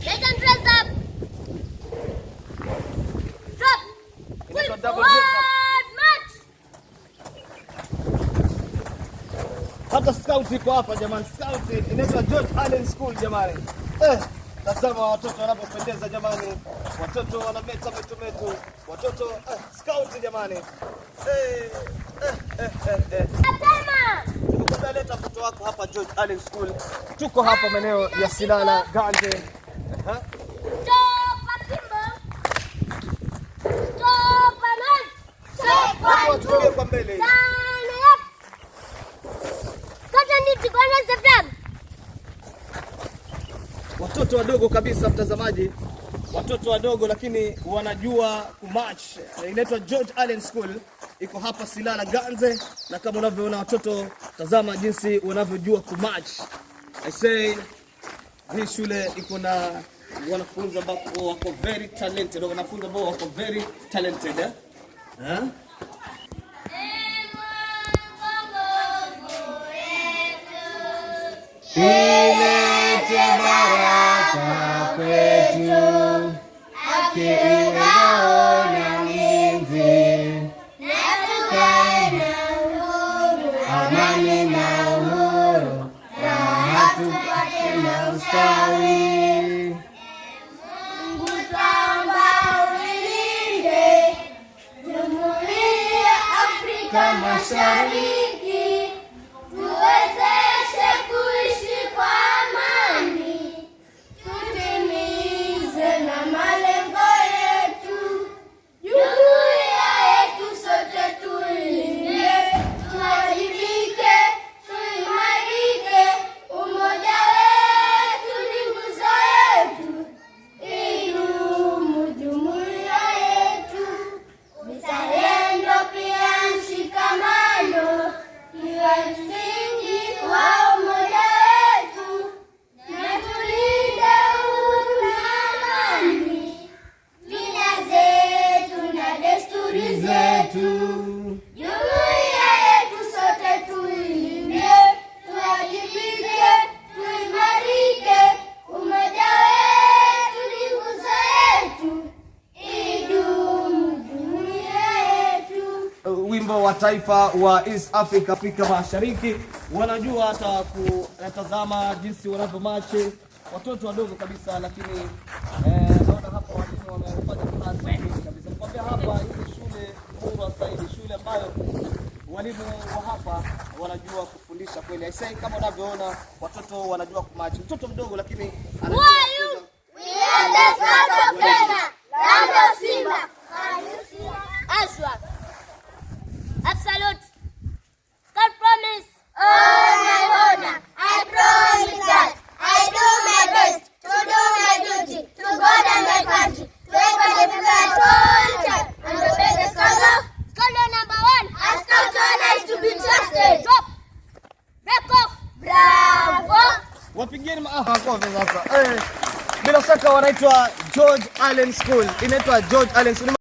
Let Hata scout iko hapa jamani. Scout inaitwa George Allen School jamani. Eh, tazama watoto wanapopendeza jamani. Watoto wanameta metu metu Watoto eh, scout jamani. Eh, eh, eh, eh. eh. Leta mtoto wako hapa George Allen School. Tuko hapa maeneo ya Silala Ganje. Watoto wadogo kabisa, mtazamaji, watoto wadogo lakini wanajua kumatch. Inaitwa George Allen School iko hapa Silala Ganze, na kama unavyoona watoto, tazama jinsi wanavyojua kumatch I say hii shule iko na wanafunzi ambao wako very talented, wanafunzi ambao wako very talented eh? Huh? Eh? Yeah. Shari. taifa wa East Africa, Afrika Mashariki, wanajua hata kutazama jinsi wanavyo mache watoto wadogo kabisa, lakini eh, naona eh, hapa walimu wamefanya kazi kabisa. Nikwambia hapa hii shule bora zaidi, shule ambayo walimu wa hapa wanajua kufundisha kweli. Aisee, kama unavyoona watoto wanajua kumache, mtoto mdogo lakini Wapigeni makofi sasa. Eh, bila shaka wanaitwa George Allen School, inaitwa George Allen School.